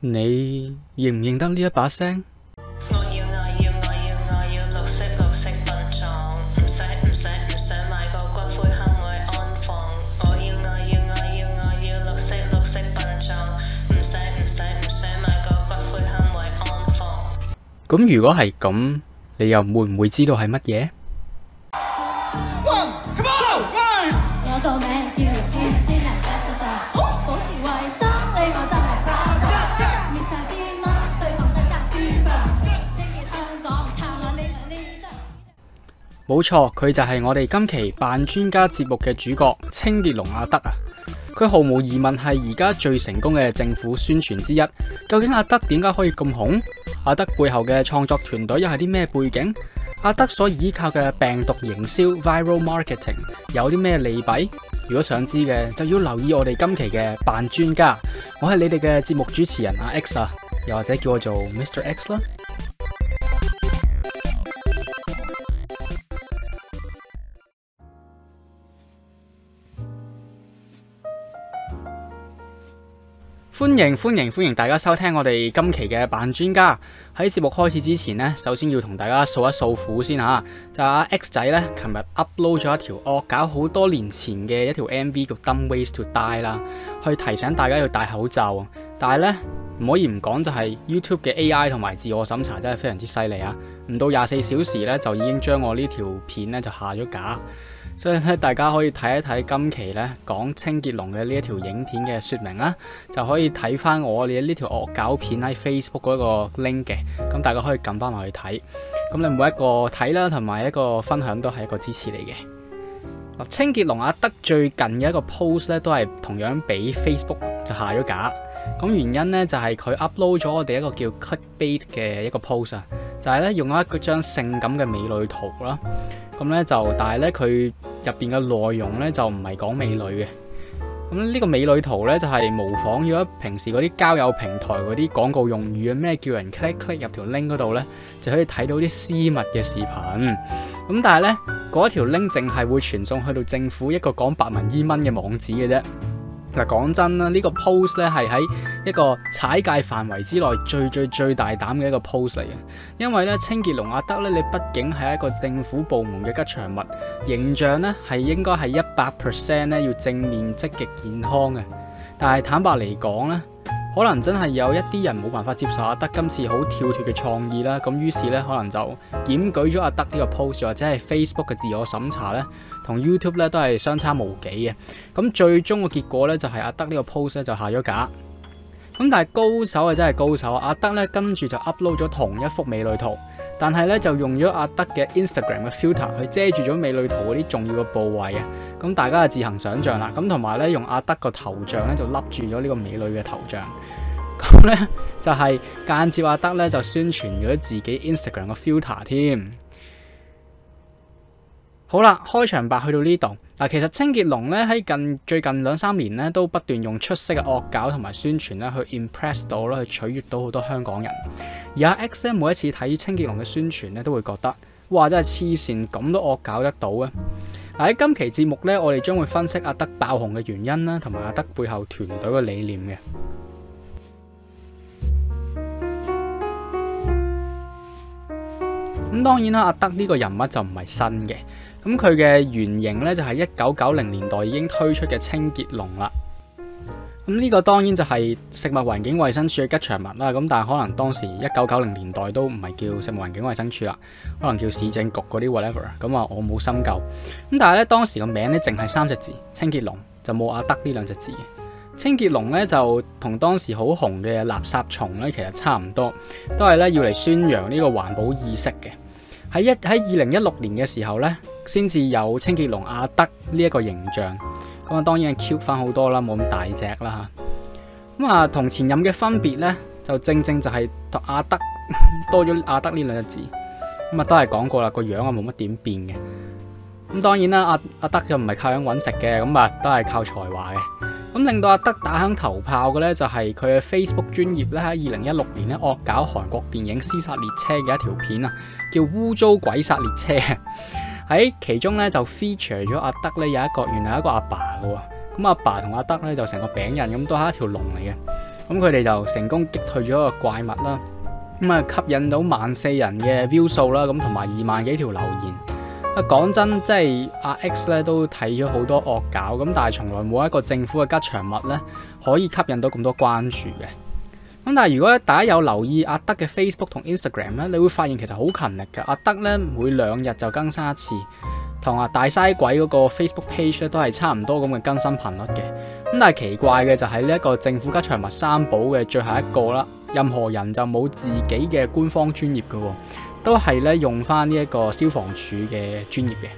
你認唔認得呢一把聲？我要我要我要我要綠色綠色殯葬，唔使唔使唔使買個骨灰龕位安放。我要我要我要我要綠色綠色殯葬，唔使唔使唔使買個骨灰龕位安放。咁如果係咁，你又會唔會知道係乜嘢？One, come on, one。我今晚要。冇錯，佢就係我哋今期扮專家節目嘅主角清潔龍阿德啊！佢毫無疑問係而家最成功嘅政府宣傳之一。究竟阿德點解可以咁紅？阿德背後嘅創作團隊又係啲咩背景？阿德所依靠嘅病毒營銷 （viral marketing） 有啲咩利弊？如果想知嘅，就要留意我哋今期嘅扮專家。我係你哋嘅節目主持人阿 X 啊，又或者叫我做 Mr X 啦。歡迎歡迎歡迎大家收聽我哋今期嘅扮專家。喺節目開始之前呢，首先要同大家訴一訴苦先吓。就阿、是、X 仔呢，琴日 upload 咗一條惡搞好多年前嘅一條 MV 叫《Dumb Ways to Die》啦，去提醒大家要戴口罩。但係呢，唔可以唔講，就係 YouTube 嘅 AI 同埋自我審查真係非常之犀利啊！唔到廿四小時呢，就已經將我呢條片呢就下咗架。所以咧，大家可以睇一睇今期咧講清潔龍嘅呢一條影片嘅説明啦，就可以睇翻我哋呢條惡搞片喺 Facebook 嗰個 link 嘅，咁大家可以撳翻落去睇。咁你每一個睇啦，同埋一個分享都係一個支持嚟嘅。清潔龍阿德最近嘅一個 post 咧，都係同樣俾 Facebook 就下咗架。咁原因咧就係佢 upload 咗我哋一個叫 click bait 嘅一個 post 啊，就係咧用咗一張性感嘅美女圖啦。咁咧就，但係咧佢。入邊嘅內容咧就唔係講美女嘅，咁呢個美女圖咧就係、是、模仿咗平時嗰啲交友平台嗰啲廣告用語啊，咩叫人 click click 入條 link 嗰度咧，就可以睇到啲私密嘅視頻，咁但係咧嗰條 link 淨係會傳送去到政府一個講白紋伊蚊嘅網址嘅啫。嗱，講真啦，呢個 pose 咧係喺一個踩界範圍之內最最最大膽嘅一個 pose 嚟嘅。因為咧，清潔龍阿德咧，你畢竟係一個政府部門嘅吉祥物，形象咧係應該係一百 percent 咧要正面、積極、健康嘅。但係坦白嚟講咧，可能真係有一啲人冇辦法接受阿德今次好跳脱嘅創意啦，咁於是呢，可能就檢舉咗阿德呢個 post 或者係 Facebook 嘅自我審查呢，同 YouTube 呢都係相差無幾嘅。咁最終個結果呢，就係阿德呢個 post 呢就下咗架。咁但係高手係真係高手，阿德呢跟住就 upload 咗同一幅美女圖。但係咧就用咗阿德嘅 Instagram 嘅 filter，去遮住咗美女圖嗰啲重要嘅部位啊，咁大家就自行想象啦。咁同埋咧用阿德個頭像咧就笠住咗呢個美女嘅頭像，咁咧就係間接阿德咧就宣傳咗自己 Instagram 嘅 filter 添。好啦，開場白去到呢度嗱，其實清潔龍咧喺近最近兩三年咧，都不斷用出色嘅惡搞同埋宣傳咧，去 impress 到啦，去取悦到好多香港人。而阿 XM 每一次睇清潔龍嘅宣傳咧，都會覺得哇，真係黐線，咁都惡搞得到啊！喺今期節目咧，我哋將會分析阿德爆紅嘅原因啦，同埋阿德背後團隊嘅理念嘅。咁當然啦，阿德呢個人物就唔係新嘅。咁佢嘅原型咧就係一九九零年代已經推出嘅清潔龍啦。咁呢個當然就係食物環境衞生署嘅吉祥物啦。咁但係可能當時一九九零年代都唔係叫食物環境衞生署啦，可能叫市政局嗰啲 whatever。咁啊，我冇深究。咁但係咧，當時個名咧淨係三隻字清潔龍，就冇阿德呢兩隻字。清潔龍咧就同當時好紅嘅垃圾蟲咧其實差唔多，都係咧要嚟宣揚呢個環保意識嘅。喺一喺二零一六年嘅時候咧，先至有清潔龍阿德呢一個形象咁，啊，當然 Q 翻好多啦，冇咁大隻啦吓，咁啊。同前任嘅分別呢，就正正就係阿德多咗阿德呢兩個字咁啊、嗯，都係講過啦，個樣啊冇乜點變嘅咁、嗯。當然啦，阿阿德就唔係靠樣揾食嘅，咁啊都係靠才華嘅咁，令到阿德打響頭炮嘅呢，就係佢嘅 Facebook 專頁呢，喺二零一六年呢，惡搞韓國電影《屍殺列車》嘅一條片啊，叫《污糟鬼殺列車》。喺其中咧就 feature 咗阿德咧有一個原來一個阿爸嘅喎，咁、啊、阿爸同阿德咧就成個餅印咁都係一條龍嚟嘅，咁佢哋就成功擊退咗個怪物啦，咁啊吸引到萬四人嘅 view 數啦，咁同埋二萬幾條留言，啊講真即係阿 X 咧都睇咗好多惡搞，咁、啊、但係從來冇一個政府嘅吉祥物咧可以吸引到咁多關注嘅。咁但係如果大家有留意阿德嘅 Facebook 同 Instagram 咧，你會發現其實好勤力噶。阿德咧每兩日就更新一次，同阿大嘥鬼嗰個 Facebook page 咧都係差唔多咁嘅更新頻率嘅。咁但係奇怪嘅就喺呢一個政府吉祥物三寶嘅最後一個啦，任何人就冇自己嘅官方專業噶，都係咧用翻呢一個消防署嘅專業嘅。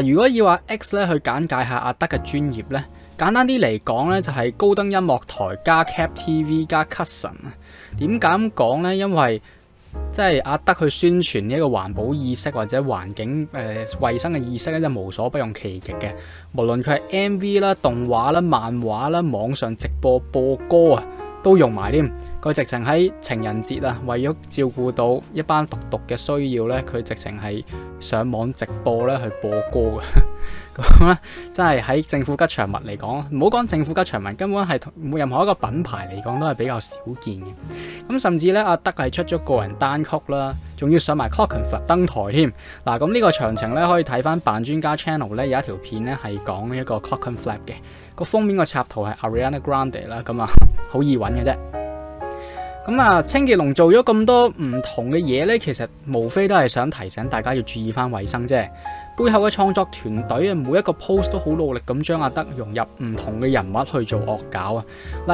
嗱，如果要阿 X 咧去簡介下阿德嘅專業咧。簡單啲嚟講咧，就係、是、高登音樂台加 Cap TV 加 Cusson。點解咁講呢？因為即係阿德去宣傳呢一個環保意識或者環境誒、呃、衛生嘅意識咧，就無所不用其極嘅。無論佢係 MV 啦、動畫啦、漫畫啦、網上直播播歌啊，都用埋添。佢直情喺情人節啊，為咗照顧到一班獨獨嘅需要咧，佢直情係上網直播咧去播歌嘅。 真係喺政府吉祥物嚟講，唔好講政府吉祥物，根本係同任何一個品牌嚟講都係比較少見嘅。咁甚至咧，阿德係出咗個人單曲啦，仲要上埋《Clockenflap》登台添。嗱，咁呢個詳情咧，可以睇翻《扮專家 Channel》咧，有一條片咧係講一個 flap《Clockenflap》嘅個封面個插圖係 Ariana Grande 啦，咁啊好易揾嘅啫。咁啊，清潔龍做咗咁多唔同嘅嘢呢，其實無非都係想提醒大家要注意翻衛生啫。背後嘅創作團隊啊，每一個 post 都好努力咁將阿德融入唔同嘅人物去做惡搞啊。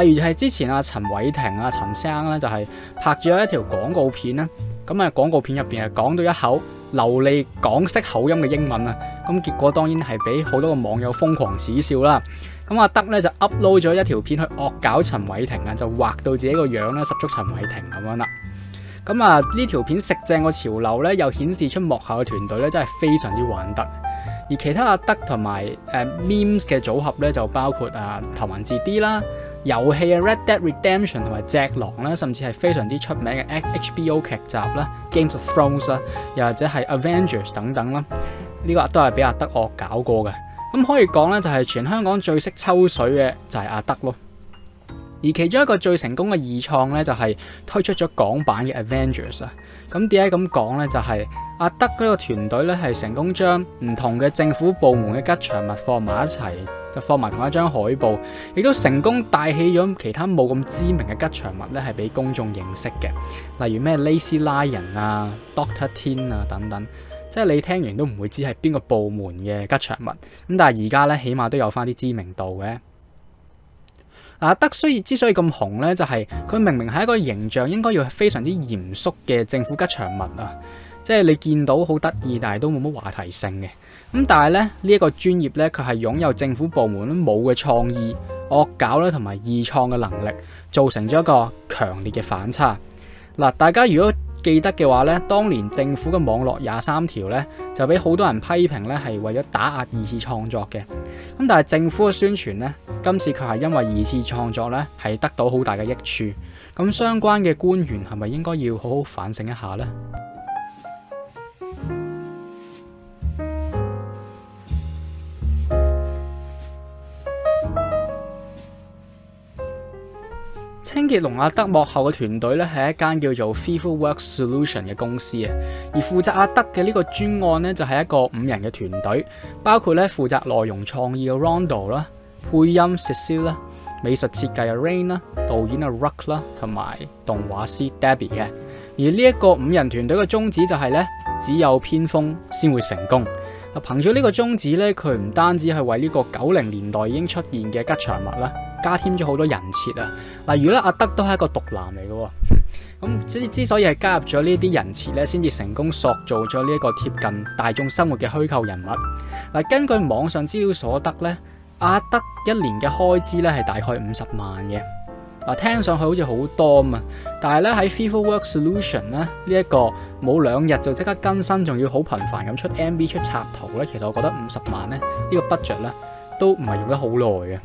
例如係之前阿陳偉霆啊陳生呢，就係拍咗一條廣告片啦。咁啊廣告片入邊係講到一口。流利港式口音嘅英文啊，咁結果當然係俾好多個網友瘋狂恥笑啦。咁、啊、阿德咧就 upload 咗一條片去惡搞陳偉霆啊，就畫到自己個樣咧十足陳偉霆咁樣啦。咁啊呢條片食正個潮流咧，又顯示出幕後嘅團隊咧真係非常之玩得。而其他阿、啊、德同埋誒 memes 嘅組合咧，就包括啊頭文字 D 啦。遊戲啊，《Red Dead Redemption》同埋《隻狼》咧，甚至係非常之出名嘅 HBO 劇集啦，《Games of Thrones》啦，又或者係《Avengers》等等啦，呢個都係俾阿德惡搞過嘅。咁可以講呢，就係全香港最識抽水嘅就係阿德咯。而其中一個最成功嘅二創咧，就係推出咗港版嘅 Avengers 啊！咁點解咁講呢？就係、是就是、阿德嗰個團隊咧，係成功將唔同嘅政府部門嘅吉祥物放埋一齊，就放埋同一張海報，亦都成功帶起咗其他冇咁知名嘅吉祥物咧，係俾公眾認識嘅，例如咩 l 拉斯拉人啊、Doctor Tin 啊等等，即係你聽完都唔會知係邊個部門嘅吉祥物。咁但係而家咧，起碼都有翻啲知名度嘅。嗱，德雖然之所以咁紅咧，就係、是、佢明明係一個形象應該要非常之嚴肅嘅政府吉祥物啊，即係你見到好得意，但係都冇乜話題性嘅。咁但係咧呢一、這個專業咧，佢係擁有政府部門冇嘅創意、惡搞咧同埋易創嘅能力，造成咗一個強烈嘅反差。嗱，大家如果記得嘅話咧，當年政府嘅網絡廿三條咧，就俾好多人批評咧，係為咗打壓二次創作嘅。咁但係政府嘅宣傳咧，今次卻係因為二次創作咧係得到好大嘅益處。咁相關嘅官員係咪應該要好好反省一下呢？清潔龍阿德幕後嘅團隊咧係一間叫做 Fifework Solution 嘅公司啊，而負責阿德嘅呢個專案咧就係一個五人嘅團隊，包括咧負責內容創意嘅 Rondo 啦、配音 Sicilia 啦、美術設計嘅 Rain 啦、導演嘅 Ruck 啦同埋動畫師 Debbie 嘅。而呢一個五人團隊嘅宗旨就係咧，只有偏鋒先會成功。憑住呢個宗旨咧，佢唔單止係為呢個九零年代已經出現嘅吉祥物啦。加添咗好多人設啊！嗱，如果阿德都係一個毒男嚟嘅喎。咁之之所以係加入咗呢啲人設咧，先至成功塑造咗呢一個貼近大眾生活嘅虛構人物。嗱，根據網上資料所得咧，阿德一年嘅開支咧係大概五十萬嘅。嗱，聽上去好似好多嘛，但係咧喺 Fiverr Work Solution 咧呢一個冇兩日就即刻更新，仲要好頻繁咁出 MV 出插圖咧，其實我覺得五十萬咧呢、這個 budget 啦。都唔係用得好耐嘅，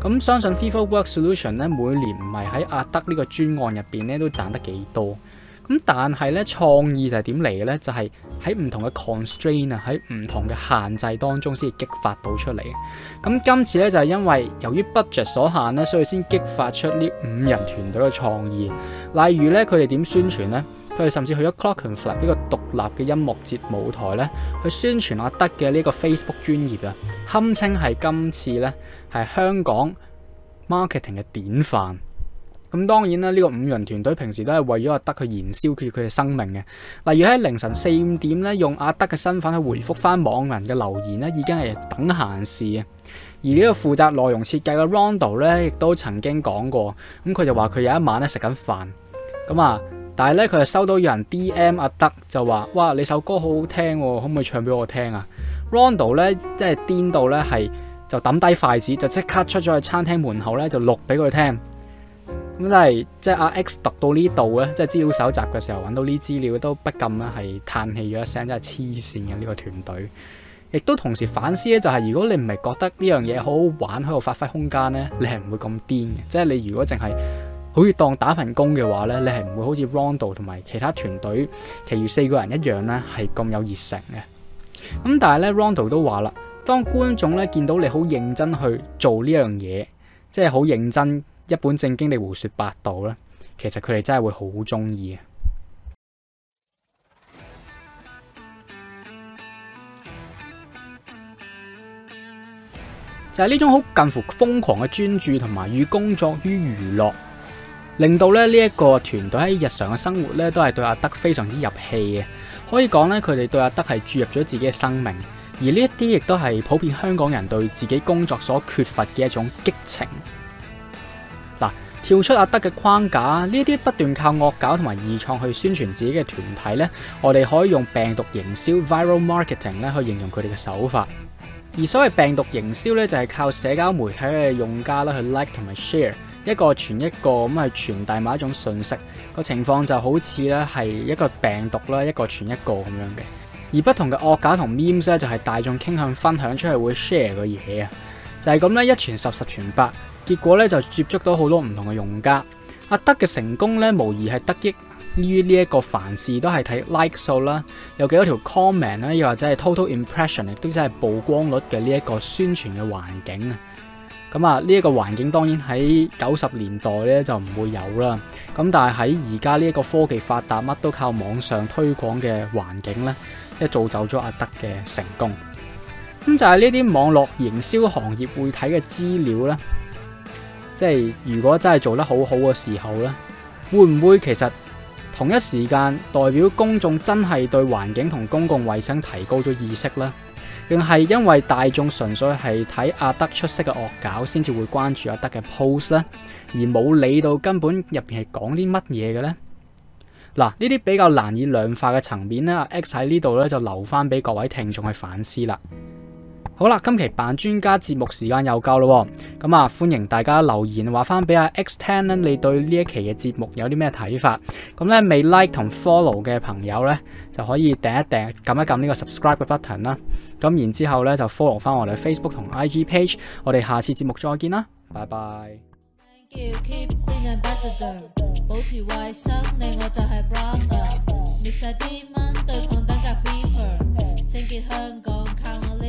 咁相信 FIFA Work Solution 咧，每年唔係喺阿德呢個專案入邊咧都賺得幾多，咁但係咧創意就係點嚟嘅咧，就係喺唔同嘅 constraint 啊，喺唔同嘅限制當中先至激發到出嚟。咁今次咧就係、是、因為由於 budget 所限咧，所以先激發出呢五人團隊嘅創意，例如咧佢哋點宣傳咧。佢甚至去咗 Clockenflap 嚟呢個獨立嘅音樂節舞台咧，去宣傳阿德嘅呢個 Facebook 專頁啊，堪稱係今次咧係香港 marketing 嘅典範。咁當然啦，呢、呢個五人團隊平時都係為咗阿德去燃燒佢佢嘅生命嘅。例如喺凌晨四五點咧，用阿德嘅身份去回覆翻網人嘅留言咧，已經係等閒事啊。而個負呢個負責內容設計嘅 Rondo 咧，亦都曾經講過咁，佢就話佢有一晚咧食緊飯咁啊。但係咧，佢就收到有人 DM 阿德就話，哇，你首歌好好聽哦，可唔可以唱俾我聽啊？Rondo 咧，即係癲到咧，係就抌低筷子，就即刻出咗去餐廳門口咧，就錄俾佢聽。咁真係，即係阿 X 讀到呢度咧，即係資料搜集嘅時候揾到呢資料，都不禁咧係嘆氣咗一聲，真係黐線嘅呢個團隊。亦都同時反思咧，就係、是、如果你唔係覺得呢樣嘢好好玩，喺度發揮空間咧，你係唔會咁癲嘅。即係你如果淨係。好似當打份工嘅話呢你係唔會好似 Rondo 同埋其他團隊，其餘四個人一樣呢係咁有熱誠嘅。咁但係呢 Rondo 都話啦，當觀眾呢，見到你好認真去做呢樣嘢，即係好認真一本正經地胡説八道呢其實佢哋真係會好中意嘅。就係、是、呢種好近乎瘋狂嘅專注同埋，寓工作於娛樂。令到咧呢一個團隊喺日常嘅生活咧，都係對阿德非常之入戲嘅。可以講咧，佢哋對阿德係注入咗自己嘅生命。而呢一啲亦都係普遍香港人對自己工作所缺乏嘅一種激情。嗱，跳出阿德嘅框架，呢啲不斷靠惡搞同埋二創去宣傳自己嘅團體咧，我哋可以用病毒營銷 （viral marketing） 咧去形容佢哋嘅手法。而所謂病毒營銷咧，就係靠社交媒體嘅用家啦去 like 同埋 share。一個傳一個咁係傳遞某一種信息，個情況就好似咧係一個病毒啦，一個傳一個咁樣嘅。而不同嘅惡搞同 Memes 咧，就係大眾傾向分享出去會 share 嘅嘢啊，就係咁咧，一傳十十傳百，結果咧就接觸到好多唔同嘅用家。阿德嘅成功咧，無疑係得益於呢一個凡事都係睇 like 數啦，有幾多條 comment 啦，又或者係 total impression 亦都即係曝光率嘅呢一個宣傳嘅環境啊。咁啊，呢一個環境當然喺九十年代咧就唔會有啦。咁但係喺而家呢一個科技發達、乜都靠網上推廣嘅環境咧，即係造就咗阿德嘅成功。咁、嗯、就係呢啲網絡營銷行業會睇嘅資料咧，即係如果真係做得好好嘅時候咧，會唔會其實同一時間代表公眾真係對環境同公共衛生提高咗意識咧？定係因為大眾純粹係睇阿德出色嘅惡搞，先至會關注阿德嘅 post 呢？而冇理到根本入邊係講啲乜嘢嘅呢？嗱，呢啲比較難以量化嘅層面呢，阿 X 喺呢度呢就留翻俾各位聽眾去反思啦。好啦，今期扮專家節目時間又夠咯，咁啊歡迎大家留言話翻俾阿 X 聽咧，你對呢一期嘅節目有啲咩睇法？咁咧未 like 同 follow 嘅朋友咧就可以訂一訂，撳一撳呢個 subscribe 嘅 button 啦。咁然之後咧就 follow 翻我哋 Facebook 同 IG page。我哋下次節目再見啦，拜拜。